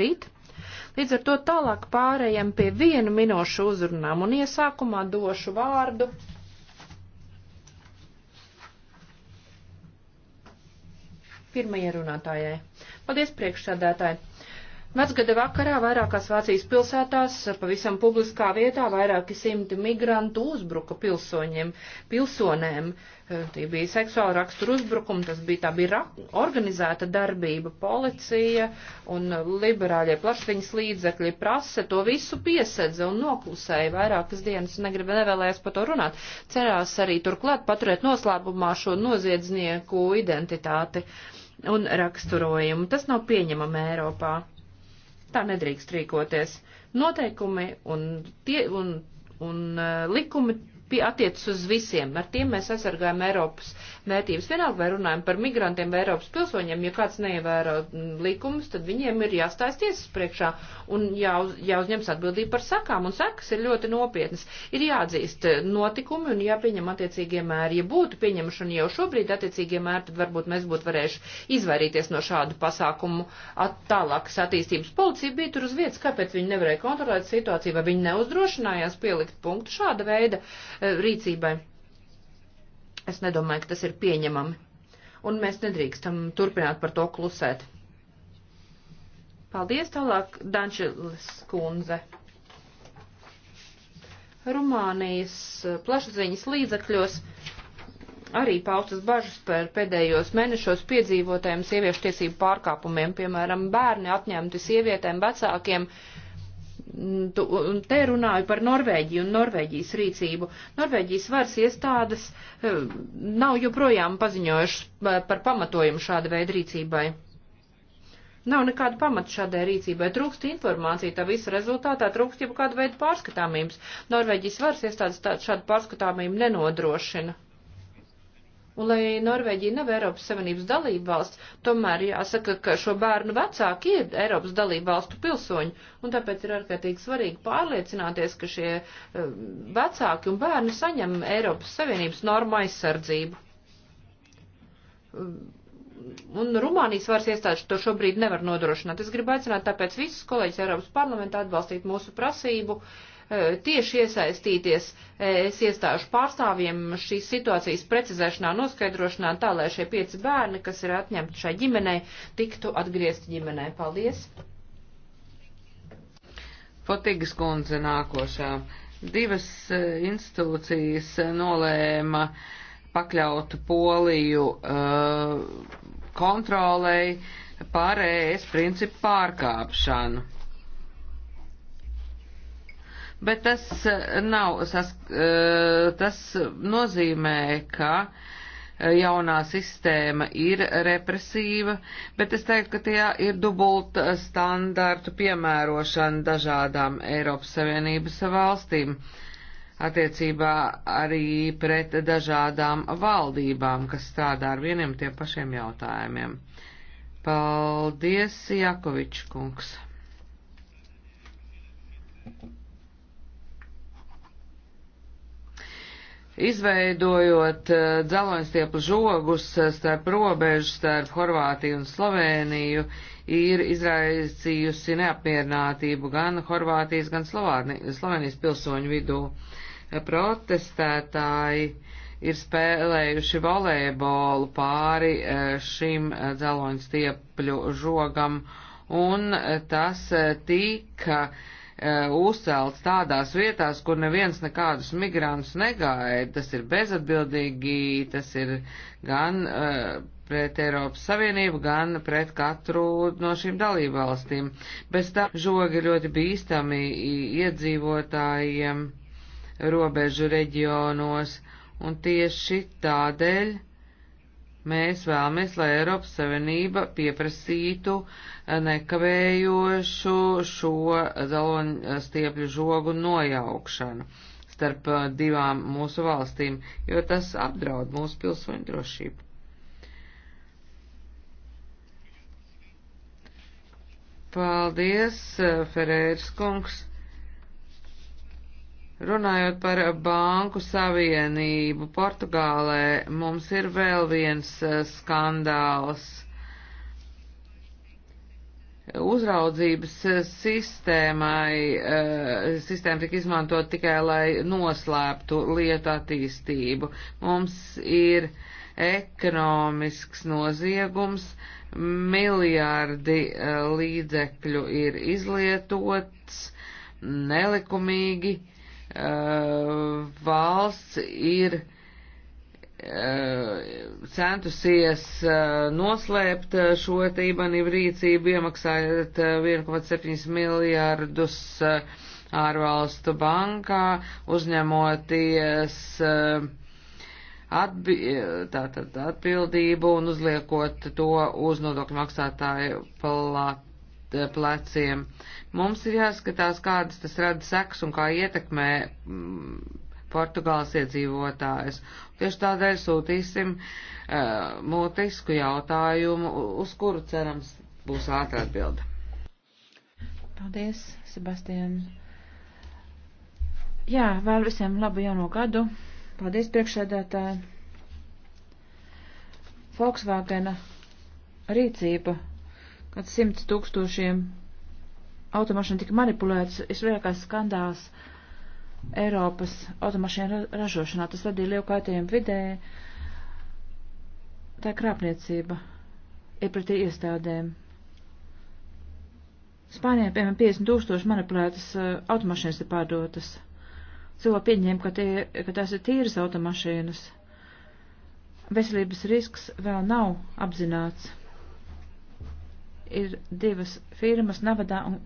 rīt. Līdz ar to tālāk pārējām pie vienu minūšu uzrunām un iesākumā došu vārdu. Pirmajai runātājai. Paldies priekšsādātāji. Vecgada vakarā vairākās Vācijas pilsētās, pavisam publiskā vietā, vairāki simti migrantu uzbruka pilsoņiem, pilsonēm. Eh, tie bija seksuāla rakstura uzbrukumi, tas bija tā bija organizēta darbība, policija un eh, liberāļie plašsaziņas līdzekļi prasa to visu piesedze un noklusēja vairākas dienas, negrib nevēlējās par to runāt. Cerās arī turklāt paturēt noslēpumā šo noziedznieku identitāti un raksturojumu. Tas nav pieņemama Eiropā. Tā nedrīkst rīkoties. Noteikumi un, tie, un, un uh, likumi attiecas uz visiem. Ar tiem mēs aizsargājam Eiropas vērtības. Vienalga, vai runājam par migrantiem vai Eiropas pilsoņiem, ja kāds neievēro mm, likumus, tad viņiem ir jāstājas tiesas priekšā un jāuz, jāuzņems atbildība par sakām. Un sakas ir ļoti nopietnas. Ir jāatzīst eh, notikumi un jāpieņem attiecīgie mēri. Ja būtu pieņemšana jau šobrīd attiecīgie mēri, tad varbūt mēs būtu varējuši izvairīties no šādu pasākumu at tālākas attīstības. Policija bija tur uz vietas, kāpēc viņi nevarēja kontrolēt situāciju, vai viņi neuzdrošinājās pielikt punktu šāda veida E, rīcībai. Es nedomāju, ka tas ir pieņemami. Un mēs nedrīkstam turpināt par to klusēt. Paldies tālāk, Dančilis kundze. Rumānijas plašsaziņas līdzakļos arī paustas bažas par pēdējos mēnešos piedzīvotajiem sieviešu tiesību pārkāpumiem, piemēram, bērni atņemti sievietēm, vecākiem, uh, Mm, un te runāju par Norvēģiju un Norvēģijas rīcību. Norvēģijas varas iestādes e, nav joprojām paziņojušas par pamatojumu šāda veida rīcībai. Nav nekāda pamata šādai rīcībai, trūkst informācija, tā visa rezultātā trūkst jau kāda veida pārskatāmības. Norvēģijas varas iestādes šādu pārskatāmību nenodrošina. Un lai Norvēģija nav Eiropas Savienības dalība valsts, tomēr jāsaka, ka šo bērnu vecāki ir Eiropas dalība valstu pilsoņi, un tāpēc ir ārkārtīgi svarīgi pārliecināties, ka šie eh, vecāki un bērni saņem Eiropas Savienības norma aizsardzību. Un Rumānijas varas iestādes to šobrīd nevar nodrošināt. Es gribu aicināt tāpēc visus kolēģus Eiropas parlamentā atbalstīt mūsu prasību uh, E, tieši iesaistīties es iestāžu pārstāvjiem šīs situācijas precizēšanā, noskaidrošanā, tā lai šie pieci bērni, kas ir atņemti šai ģimenei, tiktu atgriezti ģimenei. Paldies! Fotigas kundze nākošā. Divas e, institūcijas e, nolēma pakļaut Poliju uh, kontrolei pārējais principu pārkāpšanu Bet tas eh, nav, sas, eh, tas nozīmē, ka eh, jaunā sistēma ir represīva, bet es teiktu, ka tajā ir dubulta standārtu piemērošana dažādām Eiropas Savienības valstīm attiecībā arī pret dažādām valdībām, kas strādā ar vieniem tiem pašiem jautājumiem. Paldies, Jakovičs kungs! Thank you. Izveidojot eh, dzeloņstiepu žogus eh, starp robežu starp Horvātiju un Sloveniju, ir izraisījusi neapmierinātību gan Horvātijas, gan Slovāni, Slovenijas pilsoņu vidū. Eh, protestētāji ir spēlējuši volejbolu pāri šim dzeloņstiepļu žogam, un tas tika uh, Uh, uzcelts tādās vietās, kur neviens nekādus migrantus negaida. Tas ir bezatbildīgi, tas ir gan uh, pret Eiropas Savienību, gan pret katru no šīm dalībvalstīm. Bez tā žogi ļoti bīstami iedzīvotājiem robežu reģionos, un tieši tādēļ Mēs vēlamies, lai Eiropas Savienība pieprasītu eh, nekavējošu šo zaloņu stiepļu žogu nojaukšanu starp eh, divām mūsu valstīm, jo tas apdraud mūsu pilsoņu drošību. Paldies, eh, Ferērs kungs! Runājot par banku savienību, Portugālē mums ir vēl viens eh, skandāls. Uzraudzības eh, sistēmai, eh, sistēma tika izmantot tikai, lai noslēptu lietu attīstību. Mums ir ekonomisks noziegums, miljārdi līdzekļu ir izlietots nelikumīgi Uh, valsts ir uh, centusies uh, noslēpt šo tībanību rīcību, iemaksājot 1,7 miljārdus ārvalstu bankā, uzņemoties atbi tātad atbildību un uzliekot to uz nodokļu maksātāju platu Eh, pleciem. Mums ir jāskatās, kādas tas rada seks un kā ietekmē mm, Portugāles iedzīvotājs. Tieši tādēļ sūtīsim uh, mutisku jautājumu, uz kuru cerams būs ātra atbilda. Paldies, Sebastian. Jā, vēl visiem labu jauno gadu. Paldies, priekšsēdētāji. Volkswagena rīcība kad simts tūkstošiem automašīnu tika manipulētas, vislielākais skandāls Eiropas automašīnu ražošanā. Tas radīja lielu kaitējumu vidē. Tā krāpniecība ir pretī iestādēm. Spānijā, piemēram, 50 tūkstoši manipulētas eh, automašīnas ir pārdotas. Cilvēki pieņēma, ka, tie, ka tās ir tīras automašīnas. Veselības risks vēl nav apzināts ir divas firmas Navadā un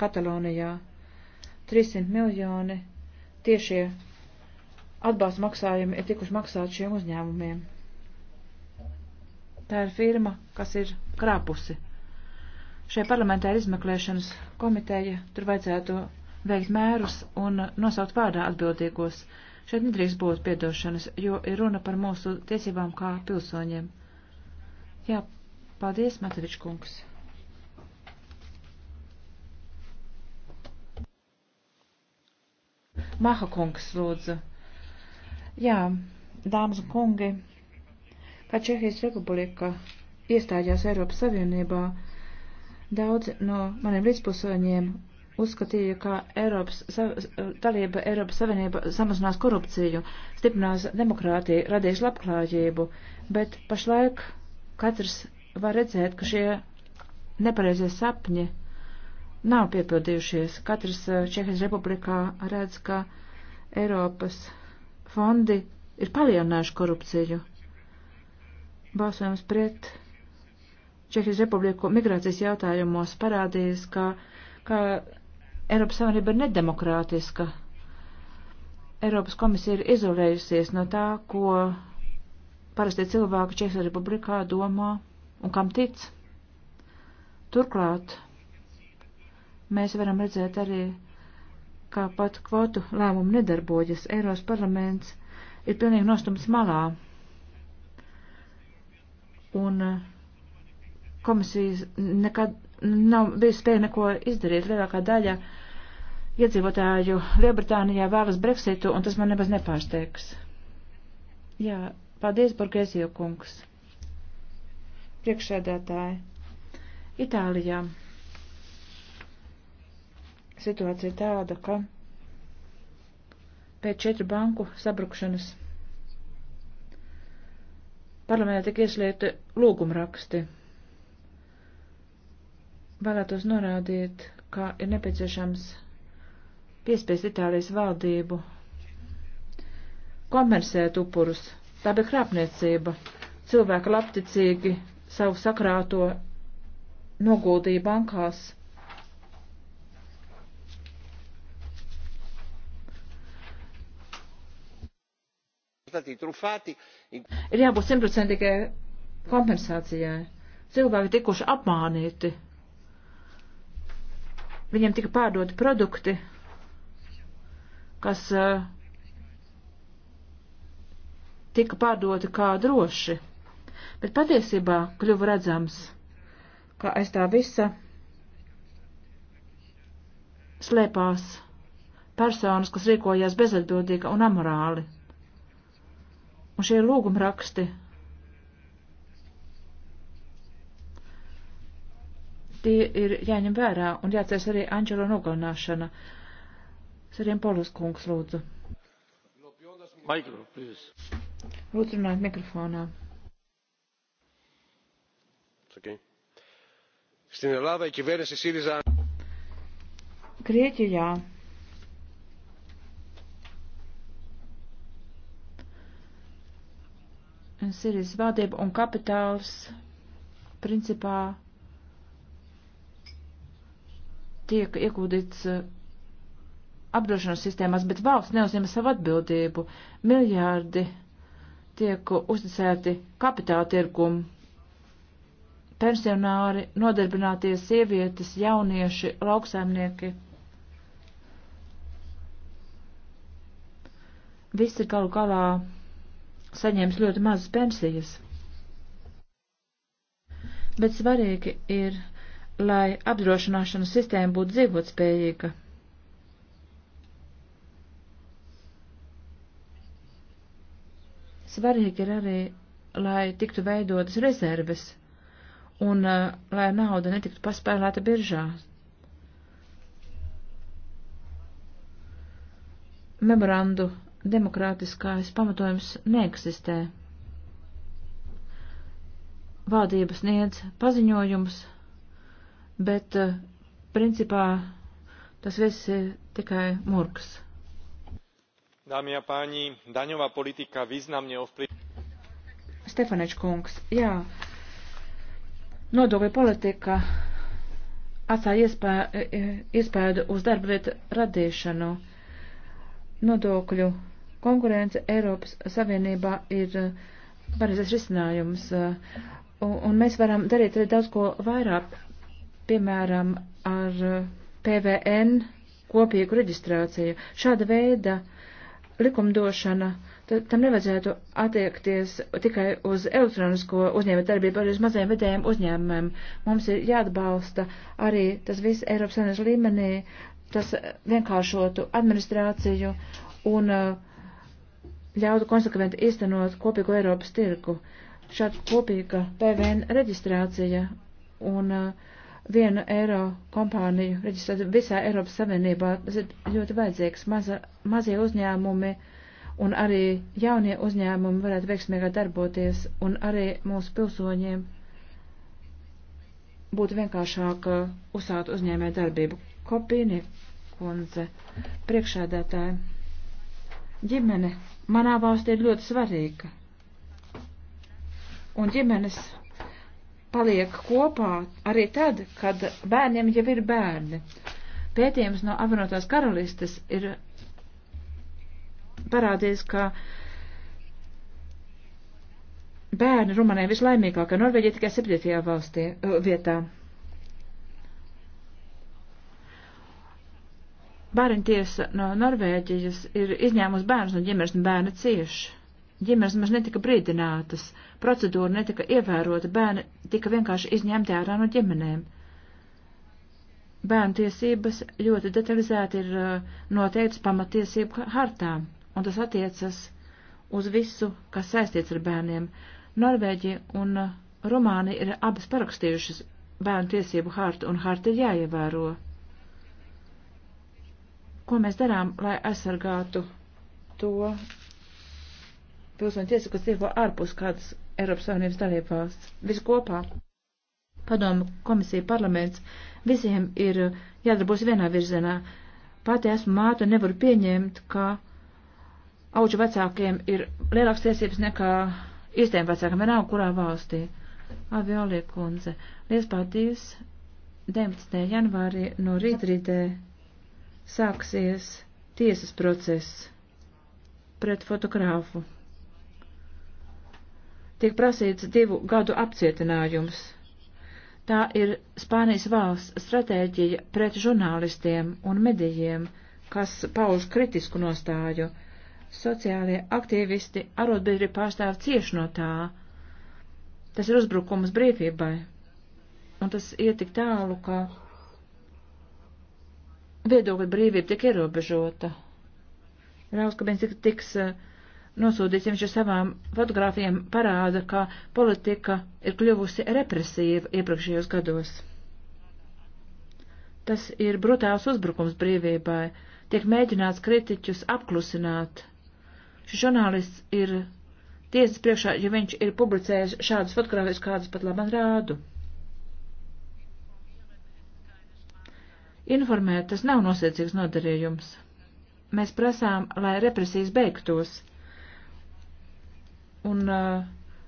Katalonijā. 300 miljoni tiešie atbalsta maksājumi ir tikuši maksāti šiem uzņēmumiem. Tā ir firma, kas ir krāpusi. Šajā parlamentā ir izmeklēšanas komiteja, tur vajadzētu veikt mērus un nosaukt vārdā atbildīgos. Šeit nedrīkst būt piedošanas, jo ir runa par mūsu tiesībām kā pilsoņiem. Jā, paldies, Matevičs kungs. Maha kungs, lūdzu. Jā, dāmas un kungi, kā Čehijas republika iestājās Eiropas Savienībā, daudzi no maniem līdzpusēņiem uzskatīja, ka Eiropas, dalība Eiropas Savienība samazinās korupciju, stiprinās demokrātiju, radīs labklājību, bet pašlaik katrs var redzēt, ka šie nepareizie sapņi nav piepildījušies. Katrs eh, Čehijas republikā redz, ka Eiropas fondi ir palielinājuši korupciju. Balsojums pret Čehijas republiku migrācijas jautājumos parādījis, ka, ka Eiropas Savienība ir nedemokrātiska. Eiropas komisija ir izolējusies no tā, ko parasti cilvēki Čehijas republikā domā un kam tic. Turklāt Mēs varam redzēt arī, kā pat kvotu lēmumu nedarbojas. Eiros parlaments ir pilnīgi nostums malā. Un eh, komisijas nekad nav bijis spēja neko izdarīt. Lielākā daļa iedzīvotāju Lielbritānijā vēlas Brexitu, un tas man nebaz nepārsteigs. Jā, paldies, Borgēzija kungs. Priekšsēdētāji. Itālijā situācija tāda, ka pēc četru banku sabrukšanas parlamentā tika iesliegti lūgumraksti. Vēlētos norādīt, ka ir nepieciešams piespiest Itālijas valdību komersēt upurus. Tā bija krāpniecība. Cilvēki labticīgi savu sakrāto noguldīja bankās Ir jābūt simtprocentīgai kompensācijai. Cilvēki tikuši apmānīti. Viņiem tika pārdoti produkti, kas uh, tika pārdoti kā droši, bet patiesībā kļuva redzams, ka aiz tā visa slēpās personas, kas rīkojās bezatbildīgi un amorāli. Un šie lūguma raksti tie ir jāņem vērā un jāatceras arī Anģela nogalināšana. Sariem Polus kungs lūdzu. Mikro, lūdzu runāt mikrofonā. Okay. Στην Ελλάδα η κυβέρνηση ΣΥΡΙΖΑ. Κρίτια. Sirijas valdība un kapitāls principā tiek iegūdīts eh, apdrošināšanas sistēmās, bet valsts neuzņem savu atbildību. Miljārdi tiek uzticēti kapitāla tirgumu. Pensionāri, nodarbināties sievietes, jaunieši, lauksaimnieki. Visi galu galā saņems ļoti mazas pensijas. Bet svarīgi ir, lai apdrošināšanas sistēma būtu dzīvotspējīga. Svarīgi ir arī, lai tiktu veidotas rezerves un uh, lai nauda netiktu paspēlēta biržā. Memorandu demokrātiskais pamatojums neeksistē. Valdības sniedz paziņojums, bet eh, principā tas viss ir tikai murgs. Dāmijā pāņī, daņovā politika významne ovplyvňuje. Stefanečs kungs, jā, nodokļu politika atstāja iespēju, iespēju uz darba vietu radīšanu nodokļu Konkurence Eiropas Savienībā ir eh, pareizais risinājums, eh, un mēs varam darīt arī daudz ko vairāk, piemēram, ar eh, PVN kopīgu reģistrāciju. Šāda veida likumdošana tad tam nevajadzētu attiekties tikai uz elektronisko uzņēmē darbību, arī uz mazajiem vidējiem uzņēmumiem. Mums ir jāatbalsta arī tas viss Eiropas Savienības līmenī, tas vienkāršotu administrāciju un uh, ļautu konsekventi īstenot kopīgo Eiropas tirgu. Šāda kopīga PVN reģistrācija un uh, viena eiro kompāniju reģistrēta visā Eiropas Savienībā, tas ir ļoti vajadzīgs. Maza, mazie uzņēmumi un arī jaunie uzņēmumi varētu veiksmīgāk darboties un arī mūsu pilsoņiem būtu vienkāršāk uh, uzsākt uzņēmē darbību. Kopīni, kundze, priekšēdētāji, ģimene manā valstī ir ļoti svarīga. Un ģimenes paliek kopā arī tad, kad bērniem jau ir bērni. Pētījums no apvienotās karalistes ir parādījis, ka bērni Rumānijā vislaimīgākie, Norvēģija tikai 7. valstī, eh, vietā. Bērnu tiesa no Norvēģijas ir izņēmusi bērnus no ģimenes un bērni cieši. Ģimenes maz netika brīdinātas, procedūra netika ievērota, bērni tika vienkārši izņemti ārā no ģimenēm. Bērnu tiesības ļoti detalizēti ir uh, noteikts pamatiesību hartā, un tas attiecas uz visu, kas saistīts ar bērniem. Norvēģija un uh, Rumānija ir abas parakstījušas bērnu tiesību hartu, un harta ir jāievēro. Ko mēs darām, lai aizsargātu to pilsoņu tiesu, kas dzīvo ārpus kādas Eiropas Savienības dalībvalsts? Viskopā padomu komisija parlaments visiem ir jādarbos vienā virzienā. Pati esmu māte, nevaru pieņemt, ka auģu vecākiem ir lielāks tiesības nekā īstiem vecākiem, vienalga kurā valstī. Aviolija kundze, liels paldies 19. janvārī no rītrītē. Rīt sāksies tiesas process pret fotokrāfu. Tiek prasīts divu gadu apcietinājums. Tā ir Spānijas valsts stratēģija pret žurnālistiem un medijiem, kas pauž kritisku nostāju. Sociālie aktīvisti arotbiedri pārstāv cieši no tā. Tas ir uzbrukums brīvībai. Un tas iet tik tālu, ka viedokļa brīvība tiek ierobežota. Rauls, ka viens tiks eh, nosūdīts, viņš ar savām fotogrāfijām parāda, ka politika ir kļuvusi represīva iepriekšējos gados. Tas ir brutāls uzbrukums brīvībai, tiek mēģināts kritiķus apklusināt. Šis žurnālists ir tiesas priekšā, jo viņš ir publicējis šādas fotogrāfijas, kādas pat labam rādu. Informēt, tas nav noziedzīgs nodarījums. Mēs prasām, lai represijas beigtos un uh,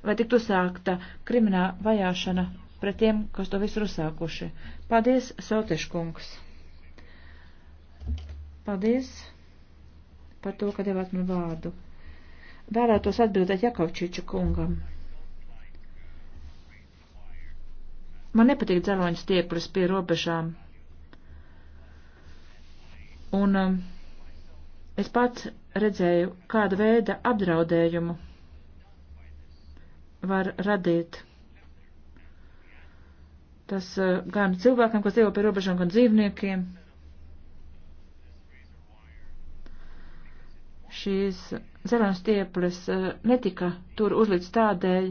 lai tiktu uzsākta krimināla vajāšana pret tiem, kas to visu uzsākuši. Paldies, Sauteškungs! Paldies par to, ka devāt man vārdu. Vēlētos atbildēt Jakovčiča kungam. Man nepatīk dzeloņu stieples pie robežām. Un um, es pats redzēju, kāda veida apdraudējumu var radīt. Tas uh, gan cilvēkiem, kas dzīvo pie robežām, gan dzīvniekiem. Šīs zelēnas stieples uh, netika tur uzlīts tādēļ,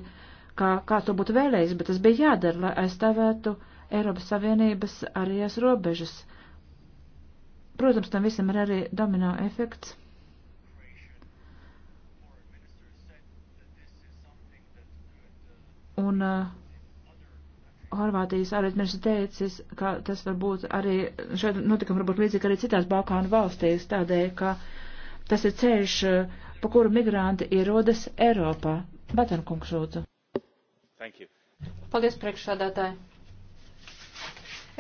kā kāds to būtu vēlējis, bet tas bija jādara, lai aizstāvētu Eiropas Savienības arējās robežas. Uh, Protams, tam visam ir arī domino efekts. Un uh, Horvātijas ārlietministrs teicis, ka tas varbūt arī, šeit notikam varbūt līdzīgi arī citās Balkānu valstīs, tādēļ, ka tas ir ceļš, uh, pa kuru migranti ierodas Eiropā. Batankungs lūdzu. Paldies, priekšsādātāji.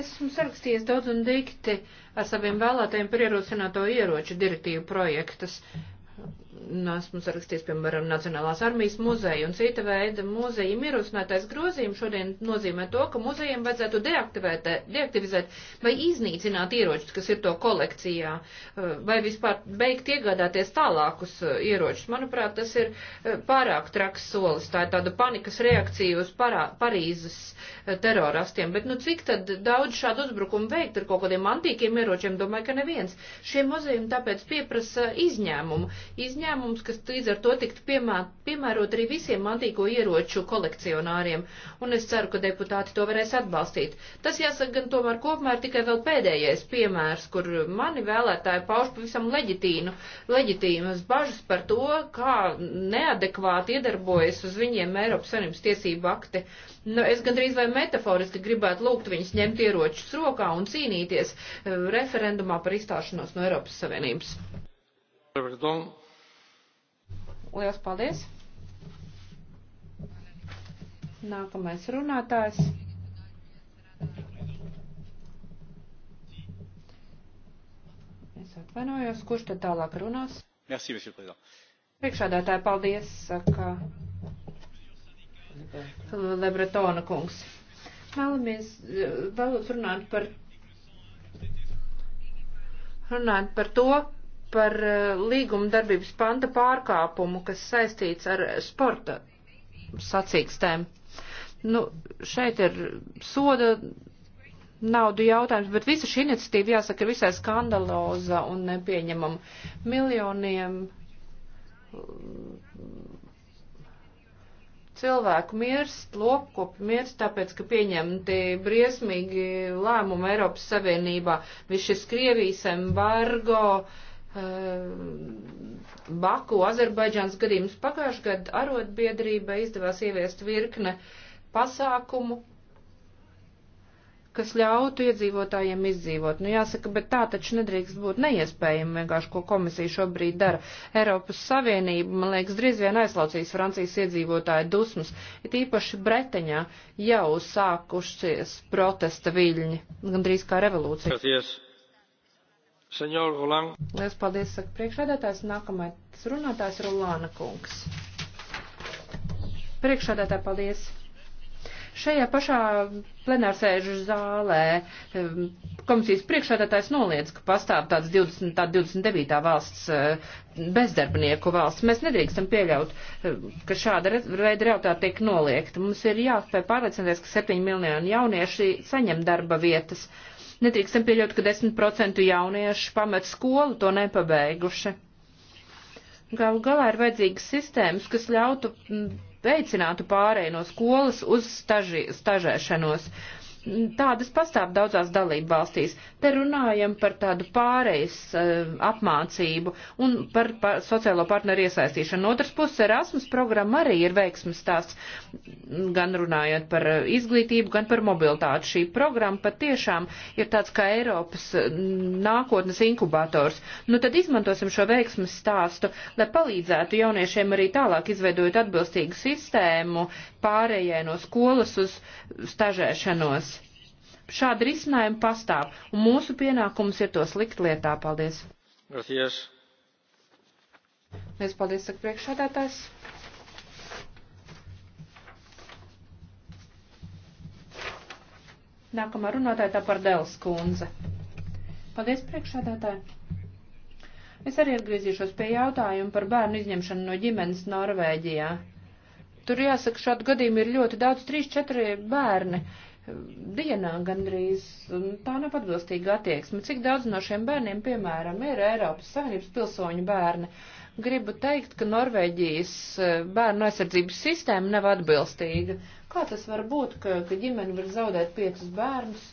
Esmu sarakstījies daudz un dikti ar saviem vēlētājiem par ierosināto ieroču direktīvu projektus esmu sarakstījis, piemēram, Nacionālās armijas muzeja un cita veida muzeja ierosinātais grozījums šodien nozīmē to, ka muzejiem vajadzētu deaktivēt, deaktivizēt vai iznīcināt ieročus, kas ir to kolekcijā, eh, vai vispār beigt iegādāties tālākus eh, ieročus. Manuprāt, tas ir eh, pārāk traks solis, tā ir tāda panikas reakcija uz parā, Parīzes terorastiem, bet nu cik tad daudz šādu uzbrukumu veikt ar kaut kādiem antīkiem ieročiem, domāju, ka neviens. Šie muzejumi tāpēc pieprasa izņēmumu. izņēmumu izņēmums, kas līdz ar to tiktu piemēr, piemērot arī visiem antīko ieroču kolekcionāriem, un es ceru, ka deputāti to varēs atbalstīt. Tas jāsaka gan tomēr kopumēr tikai vēl pēdējais piemērs, kur mani vēlētāji pauž pavisam leģitīnu, leģitīnas bažas par to, kā neadekvāti iedarbojas uz viņiem Eiropas Savienības tiesību akti. Nu, es gandrīz vai metaforiski gribētu lūgt viņus ņemt ieročus rokā un cīnīties eh, referendumā par izstāšanos no Eiropas Savienības. Pardon. Liels paldies! Nākamais runātājs. Es atvainojos, kurš tad tālāk runās? Merci, monsieur président. Priekšādātāji, paldies, saka Lebretona kungs. Vēlamies, eh, vēlos runāt par, runāt par to, par eh, līguma darbības panta pārkāpumu, kas saistīts ar sporta sacīkstēm. Nu, šeit ir soda naudu jautājums, bet visa šī iniciatīva, jāsaka, ir visai skandaloza un nepieņemama. Miljoniem mm, cilvēku mirst, lopkopi mirst, tāpēc, ka pieņemti briesmīgi lēmumi Eiropas Savienībā. Viss šis Krievijas embargo, uh, Ehm, Baku, Azerbaidžāns gadījums pagājušajā gadā arotbiedrībai izdevās ieviest virkne pasākumu, kas ļautu iedzīvotājiem izdzīvot. Nu, jāsaka, bet tā taču nedrīkst būt neiespējami vienkārši, ko komisija šobrīd dara. Eiropas Savienība, man liekas, drīz vien aizlaucīs Francijas iedzīvotāju dusmas, it īpaši Breteņā jau sākušies protesta viļņi, gandrīz kā revolūcija. Paldies senjor Roland. Lielas paldies, saka priekšādātājs. Nākamais runātājs Rolāna kungs. Priekšādātāji, paldies šajā pašā plenārsēžu zālē ehm, komisijas priekšādātājs noliedz, ka pastāv tāds 20, tā 29. valsts ehm, bezdarbnieku valsts. Mēs nedrīkstam pieļaut, ehm, ka šāda veida realitāte tiek noliegta. Mums ir jāspēj pārliecināties, ka 7 miljoni jaunieši saņem darba vietas. Uh, Nedrīkstam pieļaut, ka 10% jauniešu pamet skolu to nepabeiguši. Galu galā ir vajadzīgas sistēmas, kas ļautu veicinātu pārēju no skolas uz staži, stažēšanos. Uh, Tādas pastāv daudzās dalību valstīs. Te runājam par tādu pārejas uh, apmācību un par, par sociālo partneru iesaistīšanu. Otrs puses Erasmus programma arī ir veiksmes stāsts, gan runājot par eh, izglītību, gan par mobilitāti. Šī programma patiešām ir tāds kā Eiropas eh, nākotnes inkubators. Nu tad izmantosim šo veiksmes stāstu, lai palīdzētu jauniešiem arī tālāk izveidot atbilstīgu sistēmu pārējai no skolas uz stažēšanos šādi risinājumi pastāv, un mūsu pienākums ir tos likt lietā. Paldies! Gracias. Mēs paldies, saka priekšādātājs. Nākamā runātāja tā par Dēls kundze. Paldies, priekšādātāji. Es arī atgriezīšos pie jautājuma par bērnu izņemšanu no ģimenes Norvēģijā. Tur jāsaka, šādu gadījumu ir ļoti daudz, 3-4 bērni dienā gandrīz. Tā nav atbilstīga attieksme. Cik daudz no šiem bērniem, piemēram, ir Eiropas Savienības pilsoņu bērni? Gribu teikt, ka Norvēģijas eh, bērnu aizsardzības sistēma nav atbilstīga. Kā tas var būt, ka, ka ģimene var zaudēt piecus bērnus?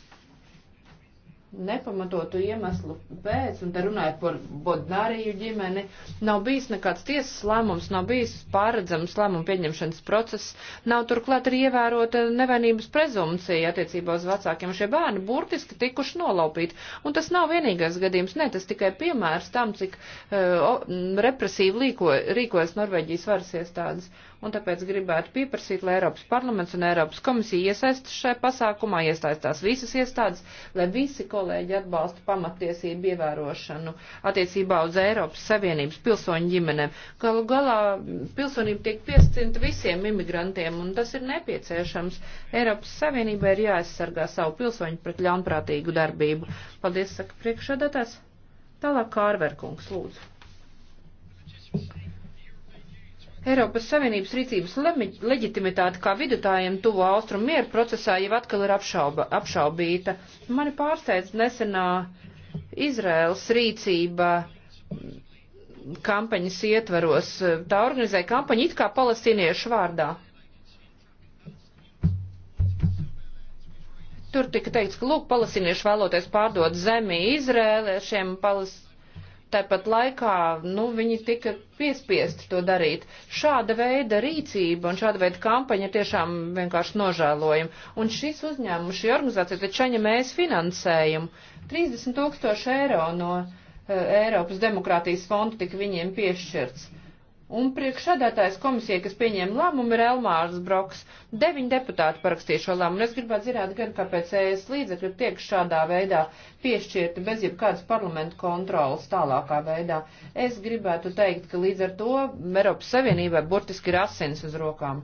nepamatotu iemeslu pēc, un te runājot par Bodnāriju ģimeni, nav bijis nekāds tiesas lēmums, nav bijis pāredzams lēmumu pieņemšanas process, nav turklāt arī ievērota nevainības prezumcija attiecībā uz vecākiem. Šie bērni burtiski tikuši nolaupīti, un tas nav vienīgais gadījums, ne, tas tikai piemērs tam, cik uh, represīvi rīkojas Norvēģijas varas iestādes. Uh, un tāpēc gribētu pieprasīt, lai Eiropas parlaments un Eiropas komisija iesaistas šai pasākumā, iesaistās visas iestādes, lai visi kolēģi atbalsta pamatiesību ievērošanu attiecībā uz Eiropas Savienības pilsoņu ģimenēm. Galu galā pilsonība tiek piescinta visiem imigrantiem, un tas ir nepieciešams. Eiropas Savienībai ir jāaizsargā savu pilsoņu pret ļaunprātīgu darbību. Paldies, saka priekšsēdētājs. Tālāk Kārverkungs, lūdzu. Eiropas Savienības rīcības leģitimitāte kā vidutājiem tuvo austrumu mieru procesā jau atkal ir apšauba, apšaubīta. Mani pārsteidz nesenā Izraels rīcība kampaņas ietvaros. Tā organizēja kampaņu it kā palestīniešu vārdā. Tur tika teikts, ka lūk, palestīnieši vēloties pārdot zemi Izrēliešiem, palestīniešiem tāpat laikā nu, viņi tika piespiesti to darīt. Šāda veida rīcība un šāda veida kampaņa ir tiešām vienkārši nožēlojama. Un šis uzņēmums, šī organizācija, taču aņa mēs finansējumu 30 tūkstoši eiro no uh, Eiropas demokrātijas fonda tika viņiem piešķirts. Uh, Un priekšsādātājs komisija, kas pieņēma lēmumu, ir Elmārs Broks. Deviņi deputāti parakstīja šo lēmumu. Es gribētu zināt, gan kāpēc ES līdzekļi tiek šādā veidā piešķirti bez jebkādas parlamentu kontrolas tālākā veidā. Es gribētu teikt, ka līdz ar to Eiropas Savienībai burtiski ir asins uz rokām.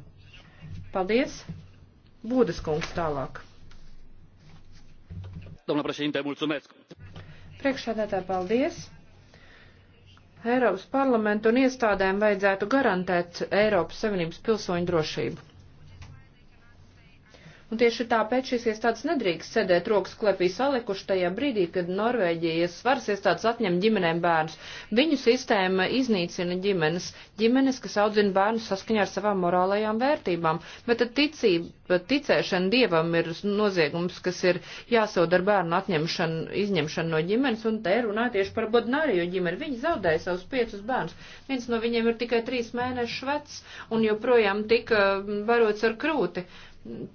Paldies. Būdas kungs tālāk. Domnul președinte, mulțumesc. Priekšsādātāji, paldies. Eiropas parlamentu un iestādēm vajadzētu garantēt Eiropas Savienības pilsoņu drošību. Un tieši tāpēc šīs iestādes nedrīkst sēdēt rokas klepī salikuši tajā brīdī, kad Norvēģijas varas iestādes atņem ģimenēm bērnus. Viņu sistēma iznīcina ģimenes, ģimenes, kas audzina bērnus saskaņā ar savām morālajām vērtībām. Bet ticība, ticēšana dievam ir noziegums, kas ir jāsod ar bērnu atņemšanu, izņemšanu no ģimenes, un te runā tieši par Bodnāriju ģimeni. Viņi zaudēja savus piecus bērnus. Viens no viņiem ir tikai trīs mēnešus vecs un joprojām tika barots ar krūti.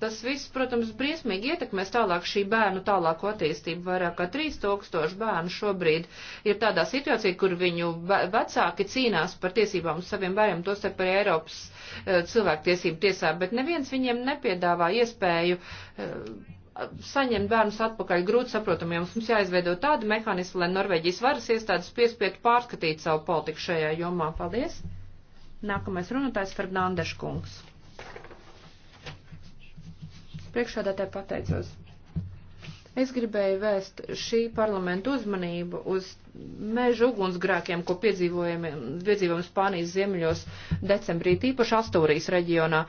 Tas viss, protams, briesmīgi ietekmēs tālāk šī bērnu tālāko attīstību. Vairāk kā 3000 bērnu šobrīd ir tādā situācijā, kur viņu vecāki cīnās par tiesībām saviem bērniem, tostarp arī Eiropas uh, cilvēktiesību tiesā, bet neviens viņiem nepiedāvā iespēju uh, saņemt bērnus atpakaļ grūti saprotamiem. Ja mums, mums jāizveido tādi mehānismi, lai Norvēģijas varas iestādes piespietu pārskatīt savu politiku šajā jomā. Paldies! Nākamais runātājs Fernandeša kungs. Priekšādātāji pateicos. Es gribēju vēst šī parlamenta uzmanību uz meža ugunsgrēkiem, ko piedzīvojam, piedzīvojam Spānijas ziemeļos decembrī, tīpaši Astūrijas reģionā.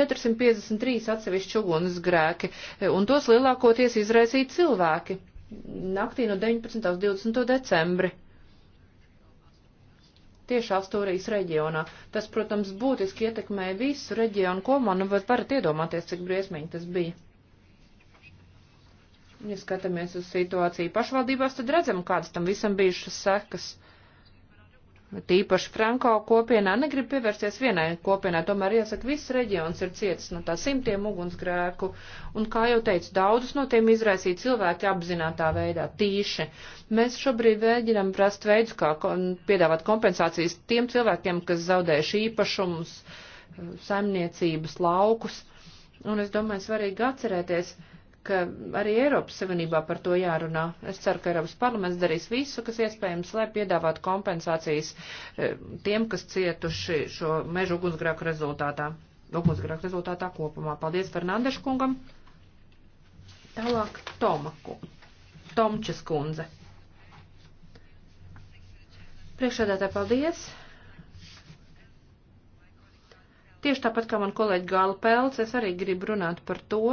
453 atsevišķi ugunsgrēki, un tos lielākoties izraisīja cilvēki naktī no 19. uz 20. decembri tieši Asturijas reģionā. Tas, protams, būtiski ietekmēja visu reģionu kopumā, nu varat iedomāties, cik briesmīgi tas bija. Ja skatāmies uz situāciju pašvaldībās, tad redzam, kādas tam visam bijušas sekas. Uh, Tīpaši Franko kopienā negrib pievērsties vienai kopienai, tomēr jāsaka, viss reģions ir cietis no tā simtiem ugunsgrēku, un, kā jau teicu, daudzus no tiem izraisīja cilvēki apzinātā veidā, tīši. Mēs šobrīd mēģinam rast veidu, kā piedāvāt kompensācijas tiem cilvēkiem, kas zaudējuši īpašumus, eh, saimniecības, laukus, un es domāju, svarīgi atcerēties, uh, ka arī Eiropas Savienībā par to jārunā. Es ceru, ka Eiropas parlaments darīs visu, kas iespējams, lai piedāvātu kompensācijas e, tiem, kas cietuši šo mežu ugunsgrēku rezultātā. Ugunsgrēku rezultātā kopumā. Paldies Fernandešu kungam. Tālāk Toma, Tomčes kundze. Priekšādātāji, paldies! Tieši tāpat kā man kolēģi Gāla Pelts, es arī gribu runāt par to,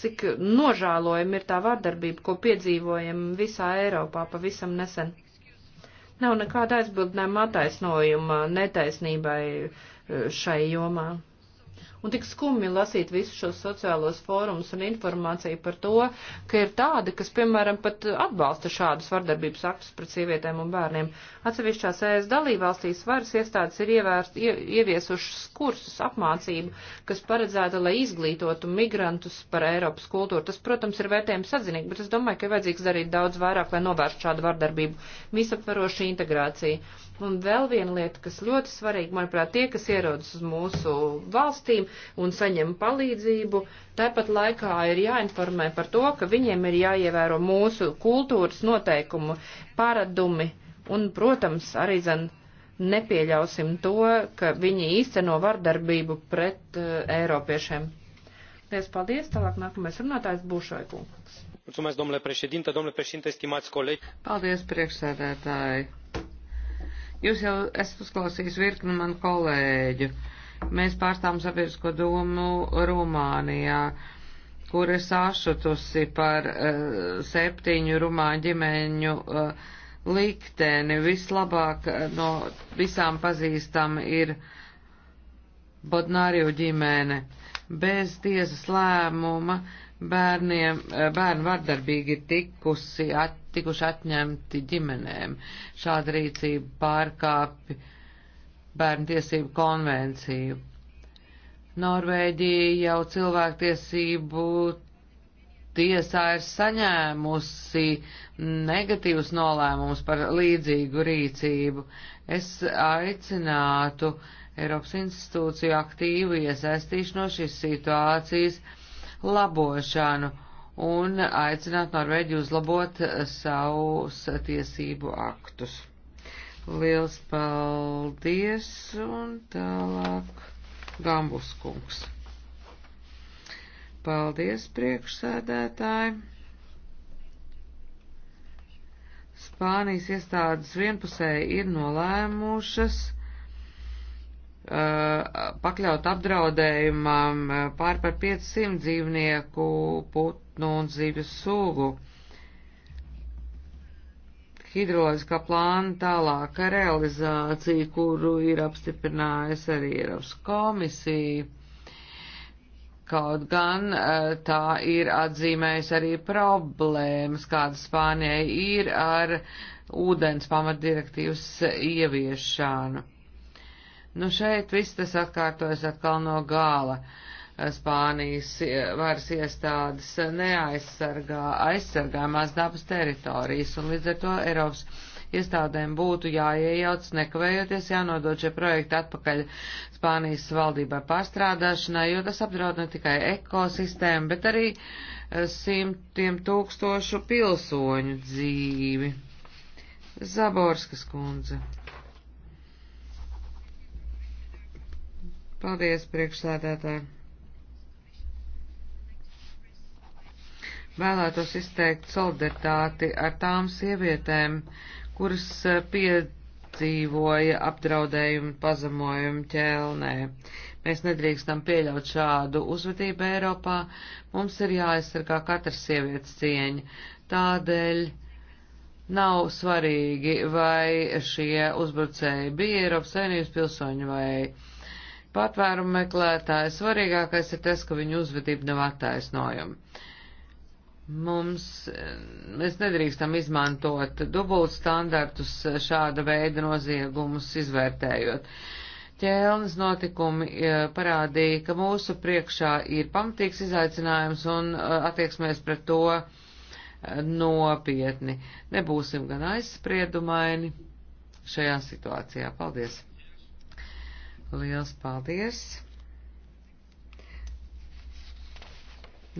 cik nožēlojama ir tā vārdarbība, ko piedzīvojam visā Eiropā pavisam nesen. Nav nekāda aizbildinājuma attaisnojuma netaisnībai eh, šai jomā. Un tik skumji lasīt visus šos sociālos fórumus un informāciju par to, ka ir tādi, kas, piemēram, pat atbalsta šādus vardarbības aktus pret sievietēm un bērniem. Atsevišķās ES dalībvalstīs varas iestādes ir ievērst, ie, ieviesušas kursus apmācību, kas paredzēta, lai izglītotu migrantus par Eiropas kultūru. Tas, protams, ir vērtējums sadzinīgi, bet es domāju, ka vajadzīgs darīt daudz vairāk, lai novērstu šādu vardarbību. Visaptvaroša integrācija. Un vēl viena lieta, kas ļoti svarīga, manuprāt, tie, kas ierodas uz mūsu valstīm un saņem palīdzību, tāpat laikā ir jāinformē par to, ka viņiem ir jāievēro mūsu kultūras noteikumu, paradumi un, protams, arī zan nepieļausim to, ka viņi īsteno vardarbību pret uh, eiropiešiem. Lies paldies, tālāk nākamais runātājs Būšaikungs. Mulțumesc, domnule președinte, domnule președinte, stimați colegi. Paldies, priekšsēdētāji Jūs jau esat uzklausījis virkni manu kolēģu. Mēs pārstāvam sabiedrisko domu Rumānijā, kur ir sašutusi par uh, septiņu rumāņu ģimeņu uh, likteni. Vislabāk uh, no visām pazīstam ir Bodnāriju ģimene. Bez tiesas lēmuma bērniem, uh, bērnu vardarbīgi ir tikusi at tikuši atņemti ģimenēm. Šāda rīcība pārkāpj bērnu tiesību konvenciju. Norvēģija jau cilvēktiesību tiesā ir saņēmusi negatīvus nolēmumus par līdzīgu rīcību. Es aicinātu Eiropas institūciju aktīvu iesaistīšanos šīs situācijas labošanu un aicināt Norvēģiju uzlabot savus tiesību aktus. Liels paldies un tālāk Gambus kungs. Paldies priekšsēdētāji. Spānijas iestādes vienpusēji ir nolēmušas pakļaut apdraudējumam eh, pār par 500 dzīvnieku, putnu un zivju sugu. Hidroloģiskā plāna tālāka realizācija, kuru ir apstiprinājusi arī Eiropas komisija, kaut gan eh, tā ir atzīmējusi arī problēmas, kādas Spānijai ir ar ūdens pamatdirektīvas ieviešanu Nu šeit viss tas atkārtojas atkal no gāla. Spānijas eh, varas iestādes neaizsargā aizsargāmās dabas teritorijas, un līdz ar to Eiropas iestādēm būtu jāiejauc nekavējoties, jānodod šie projekti atpakaļ Spānijas valdībai pārstrādāšanai, jo tas apdraud ne tikai ekosistēmu, bet arī eh, simtiem tūkstošu pilsoņu dzīvi. Zaborskas kundze. Paldies, priekšsēdētāji. Vēlētos izteikt solidaritāti ar tām sievietēm, kuras eh, piedzīvoja apdraudējumu pazemojumu ķelnē. Mēs nedrīkstam pieļaut šādu uzvedību Eiropā, mums ir jāaizsargā katras sievietes cieņa. Tādēļ nav svarīgi, vai šie uzbrucēji bija Eiropas saimnības pilsoņi vai patvērumu meklētāji, svarīgākais ir tas, ka viņu uzvedība nav attaisnojama. Mums, mēs nedrīkstam izmantot dubult standartus šāda veida noziegumus izvērtējot. Ķēlnes notikumi e, parādīja, ka mūsu priekšā ir pamatīgs izaicinājums un e, attieksmēs pret to e, nopietni. Nebūsim gan aizspriedumaini šajā situācijā. Paldies! Liels paldies!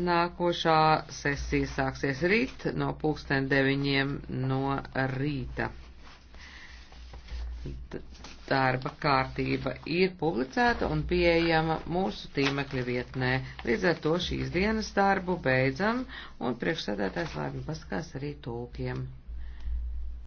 Nākošā sesija sāksies rīt no pulksten deviņiem no rīta. Darba kārtība ir publicēta un pieejama mūsu tīmekļa vietnē. Līdz ar to šīs dienas darbu beidzam un priekšsēdētājs laipni pasakās arī tūkiem.